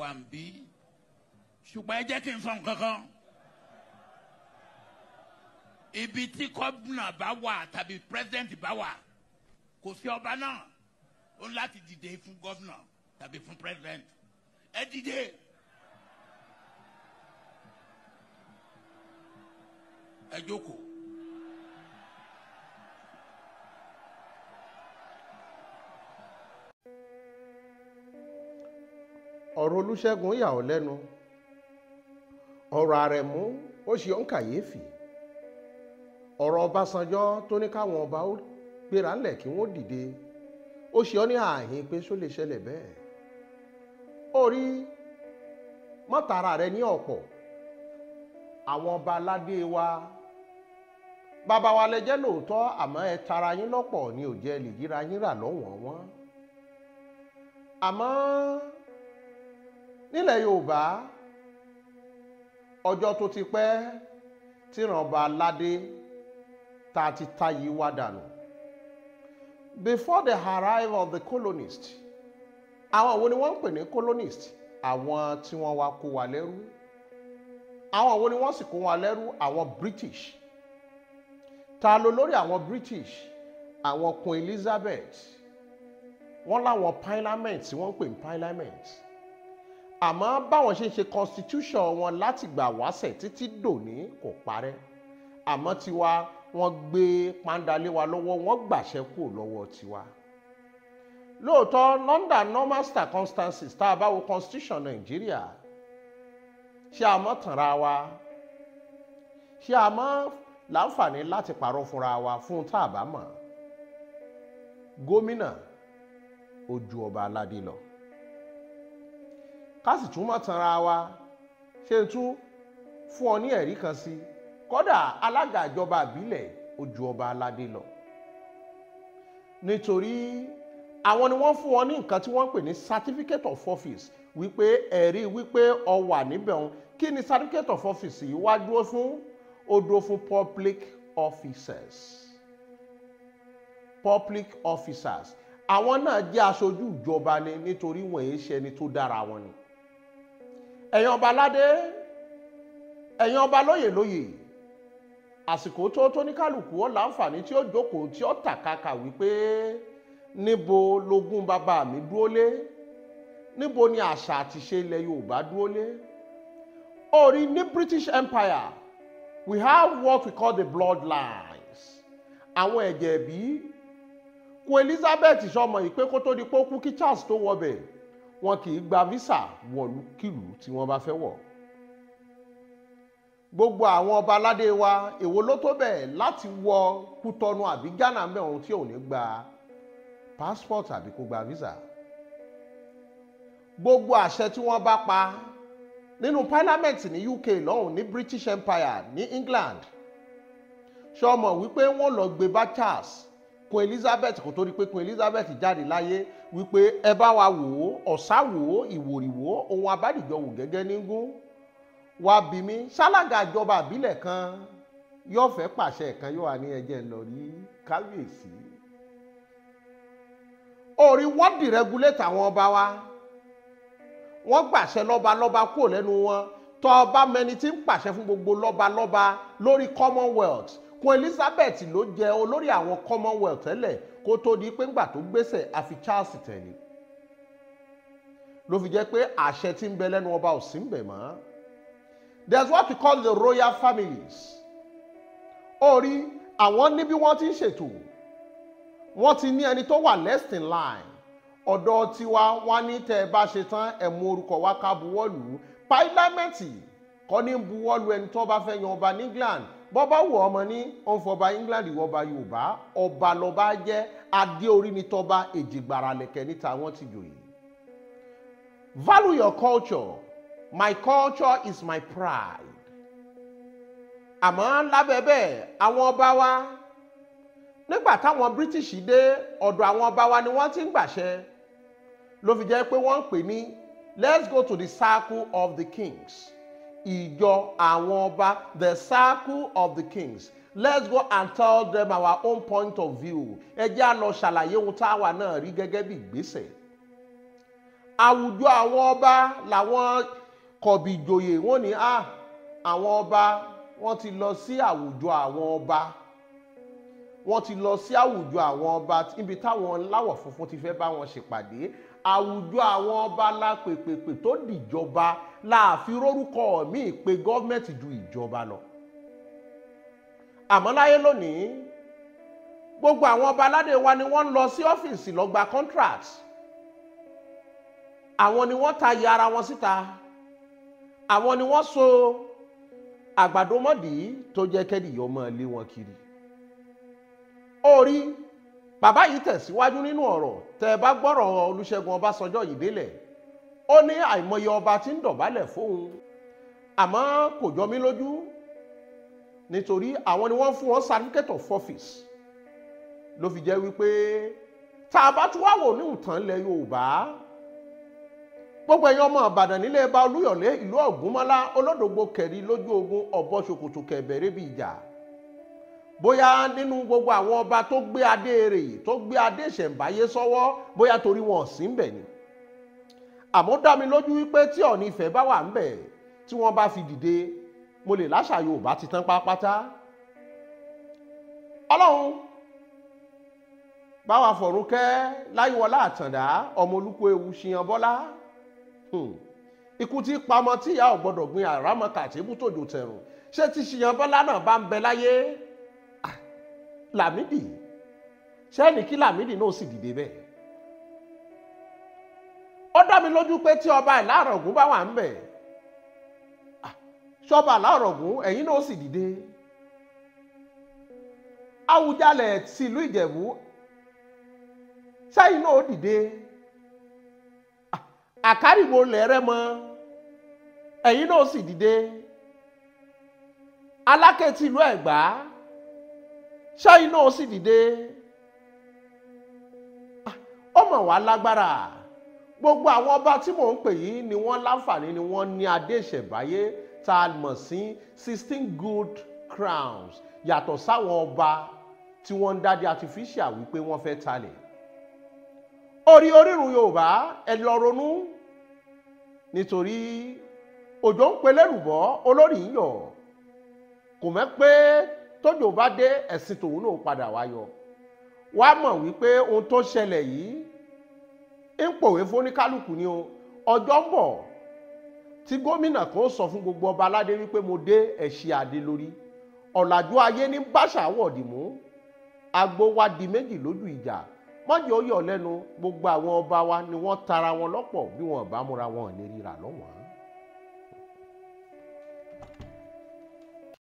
wà ń bí ṣùgbọ́n ẹ jẹ́ kí n sọ nǹkan kan ibi tí gómìnà bá wà tàbí pírẹsidẹ́ǹtì bá wà kò sí ọba náà ó ń láti dìde fún gómìnà tàbí fún pírẹsidẹ́ǹtì ẹ dìde. ẹ jókòó. ọ̀rọ̀ Olúṣẹ́gun yà ọ́ lẹ́nu ọ̀rọ̀ Àrẹ̀mú ó ṣe ọ́n kàyéfì ọ̀rọ̀ Ọbásanjọ́ tó ní káwọn ọba ó gbéra ńlẹ̀ kí wọ́n dìde ó ṣe ọ́ ní ààyìn pé ṣó lè ṣẹlẹ̀ bẹ́ẹ̀ ó rí mọ́tara rẹ ní ọ̀pọ̀ àwọn ọba aládé wa bàbá wa lẹ́jẹ́ lóòótọ́ àmọ́ ẹ tara yín lọ́pọ̀ ni ò lè yíra yín rà lọ́wọ́n wọn àmọ́ nílẹ̀ yorùbá ọjọ́ tó ti pẹ́ tìrànba aládé tá ti ta yìí wá dànù before the arrival of the colonist àwọn wo ni wọ́n ń pè ní colonist àwọn tí wọ́n wá kó wa lẹ́rú àwọn wo ni wọ́n sì kó wa lẹ́rú àwọn british ta ló lórí àwọn british àwọn queen elizabeth wọ́n láwọn parliament tí wọ́n ń pè ní parliament àmọ́ báwọn ṣe ń ṣe constitution wọn láti gbà wáṣẹ̀ títí dòní kò parẹ́ àmọ́ tiwa wọ́n gbé pandalé wa lọ́wọ́ wọ́n gbàṣẹ́ kù lọ́wọ́ tiwa. lóòótọ́ London normal circumstances tá a bá wo constitution Nàìjíríà ṣé a mọ̀ tànra wa ṣé a mọ̀ láǹfààní láti parọ́ fúnra wa fún tá a bá mọ̀ gómìnà ojú ọba aládé lọ ká sì tún má tanra wa ṣe tún fún ọ ní ẹ̀rí kan sí kódà alága ìjọba ìbílẹ̀ ó ọba aládé lọ nítorí àwọn ni wọ́n fún ọ ní nǹkan tí wọ́n ń pè ní certificate of office wípé ẹ̀rí wípé ọ wà níbẹ̀ òun kí ni certificate of office yìí wá dúró fún ó dúró fún public officers public officers àwọn náà jẹ́ aṣojú ìjọba ni nítorí wọ́n èé ṣẹni tó dára wọn ni ẹ̀yin ọba aládé ẹ̀yin ọba lóyè lóyè àsìkò tó tó ní kálukú ó láǹfààní tí ó jókòó tí ó tàkàkà wípé níbo logún bàbá mi dúró lé níbo ni àṣà àtiṣe ilẹ̀ Yorùbá dúró lé orí ní British Empire we have what we call the bloodlines àwọn ẹ̀jẹ̀ bí Queen Elizabeth sọmọ ìpé kó tó di pé ó kú kí Charles tó wọbẹ̀ wọn kì í gba visa wọ̀lúkìlú tí wọ́n bá fẹ́ wọ̀ gbogbo àwọn ọba aládé wa èwo ló tó bẹ́ẹ̀ láti wọ Kútọ́nù àbí Ghana mẹ́rin tí ò ní gba passport àbí kó gba visa gbogbo àṣẹ tí wọ́n bá pa nínú parliament ní UK lọ́hùn ní British Empire ní England ṣọmọ wípé wọ́n lọ gbé bá Charles queen elizabeth kò tó di pé queen elizabeth jáde láyé wípé ẹ bá wa wò ó ọ̀sá wò ó ìwòrì wò ó ohun abádìjọ wò gẹ́gẹ́ nígún wá bí mi ṣálága ìjọba àbílẹ̀ kan yóò fẹ́ pàṣẹ kan yóò wà ní ẹ̀jẹ̀ lọ ní kábíyèsí orí wọ́n rẹ́gúlétà àwọn ọba wa wọ́n gbàṣẹ lọ́ba lọ́ba kúrò lẹ́nu wọn tọ́ ọba mẹni tí ń pàṣẹ fún gbogbo lọ́ba lọ́ba lórí commonwealth Queen Elizabeth ló jẹ olórí àwọn Commonwealth tẹ́lẹ̀ kó tó di pé ńgbà tó gbésẹ̀ àfi Charles tẹ̀lé ló fi jẹ́ pé àṣẹ tí ń bẹ lẹ́nu ọba ò sí ń bẹ mọ́ there is what we call the royal families orí àwọn ní bí wọ́n ti ń ṣètò wọ́n ti ní ẹni tó wà last in line ọ̀dọ̀ tiwa wọ́n ní tẹ́ ẹ bá ṣe tán ẹ̀ mú orúkọ wa ká buwọ́lù páílámẹ́ǹtì kọ́ ní buwọ́lù ẹni tó bá fẹ́ yan ọba ní England bọ́bá wù ọmọ ní ọ̀nfọ̀ba England wọba Yorùbá ọba lọ́ba jẹ́ adé orí ni tọ́ba èjìgbàrà lẹ̀kẹ́ níta wọ́n ti jòyè. Value your culture my culture is my pride. àmọ́ lábẹ́ bẹ́ẹ̀ àwọn ọba wa nígbà táwọn British dé ọ̀dọ̀ àwọn ọba wa ni wọ́n ti ń gbàṣẹ ló fi jẹ́ pé wọ́n ń pè ní let's go to the circle of the kings ìjọ àwọn ọba the circle of the kings let's go and tell them our own point of view ẹ jẹ́ á lọ ṣàlàyé ohun táwa náà rí gẹ́gẹ́ bí ìgbésẹ̀ àwùjọ àwọn ọba làwọn kọ̀bìjòyè wọ́n ní à ah, àwọn ọba wọ́n ti lọ sí àwùjọ àwọn ọba wọ́n ti lọ sí àwùjọ àwọn ọba níbi táwọn láwọ̀ funfun ti fẹ́ bá wọn ṣèpàdé àwùjọ àwọn ọba la pèpèpè tó dìjọba láàfin rórúkọ mi pé gọ́ọ̀mẹ̀ntì ju ìjọba lọ. àmọ́ láyé lónìí gbogbo àwọn ọba aládé wa ni wọ́n ń lọ sí ọ́fíìsì lọ gba contract àwọn ni wọ́n tayọ ara wọn síta àwọn ni wọ́n so àgbàdo mọ́dì tó jẹ́ kẹ́dìyọ́ mọ́ ilé wọn kiri. orí bàbá yìí tẹ̀síwájú nínú ọ̀rọ̀ tẹ́ ẹ bá gbọ́rọ̀ Olúṣẹ́gun Ọbásanjọ́ yìí délẹ̀ ó ní àìmọye ọba tí ń dọ̀bálẹ̀ fóun àmọ́ kò jọ mí lójú nítorí àwọn ni wọ́n fún wọn certificate of office ló fi jẹ́ wípé tá a bá tún wá wò ní ìtàn ilẹ̀ Yorùbá gbogbo ẹ̀yin ọmọ Ìbàdàn nílé bá Olúyọ̀lé ìlú Ògúnmọ́lá olódògbò kẹ̀rí lójú ogun ọ̀bọ ṣòkòtò kẹ̀bẹ̀rẹ̀ bí ìjà bóyá nínú gbogbo àwọn ọba tó gbé adé rè tó gbé adé ìṣẹ̀ǹbáyé sọ́wọ́ bóyá torí wọn ò sí ń bẹ̀ ni àmọ́ dá mi lójú wípé tí Ọọ̀ni Ifẹ̀ bá wà ń bẹ̀ tí wọ́n bá fi dìde mo lè láṣà Yorùbá ti tán pátápátá Ọlọ́run báwa fọ̀rúnkẹ́ láyíwọlá àtàndá ọmọ olúkọ ewu ṣìyàn bọ́lá hmm, ikú tí pamọ́ tíyà ò gbin àràmọ́ kàtébù tòjò tẹ̀rùn ṣé ti ṣìyàn bọ́lá náà bá ń bẹ láyé Lámídì ṣẹ́ni kí Lámídì náà sì dìde bẹ́ẹ̀ ó dá mi lójú pé tí ọba Ìlárọ̀gùn bá wà ń bẹ̀ ṣọba Ìlárọ̀gùn ẹ̀yin náà sì dìde Awùjalẹ̀ tìlú Ìjẹ̀bú ṣẹ́yìn náà ó dìde àkárìwò lẹ́rẹ́ mọ́ ẹ̀yin náà sì dìde alákẹ́tì ìlú Ẹ̀gbá. E ṣáyìn náà sì dìde ah, ọmọ wa lágbára gbogbo àwọn ọba tí mò ń pè yìí ni wọ́n láǹfààní ni wọ́n ní adé ìṣẹ̀báyé tá mọ̀ sí sixteen gold crowns yàtọ̀ sáwọn ọba tí wọ́n ń dádé artificial wípé wọ́n fẹ́ talẹ̀ orí orírun yorùbá ẹ lọ ronú nítorí òjò ń pelé rùbọ́ olórí ń yọ̀ kò mẹ́ pé tójò bá dé ẹ̀sìn tòun náà padà wá yọ wá mọ̀ wípé ohun tó ṣẹlẹ̀ yìí ń pòwe fóníkálùkù ni o ọjọ́ ń bọ̀ tí gómìnà kan sọ fún gbogbo ọba aládé wípé mo dé ẹ̀ṣì àdé lórí ọ̀làjú ayé ní báṣà wọ̀dì mú agbo wa di méjì lójú ìjà mọ́jì yọ̀ lẹ́nu gbogbo àwọn ọba wa ni wọ́n tara wọn lọ́pọ̀ bí wọn bá múra wọn ní rírà lọ́wọ́n.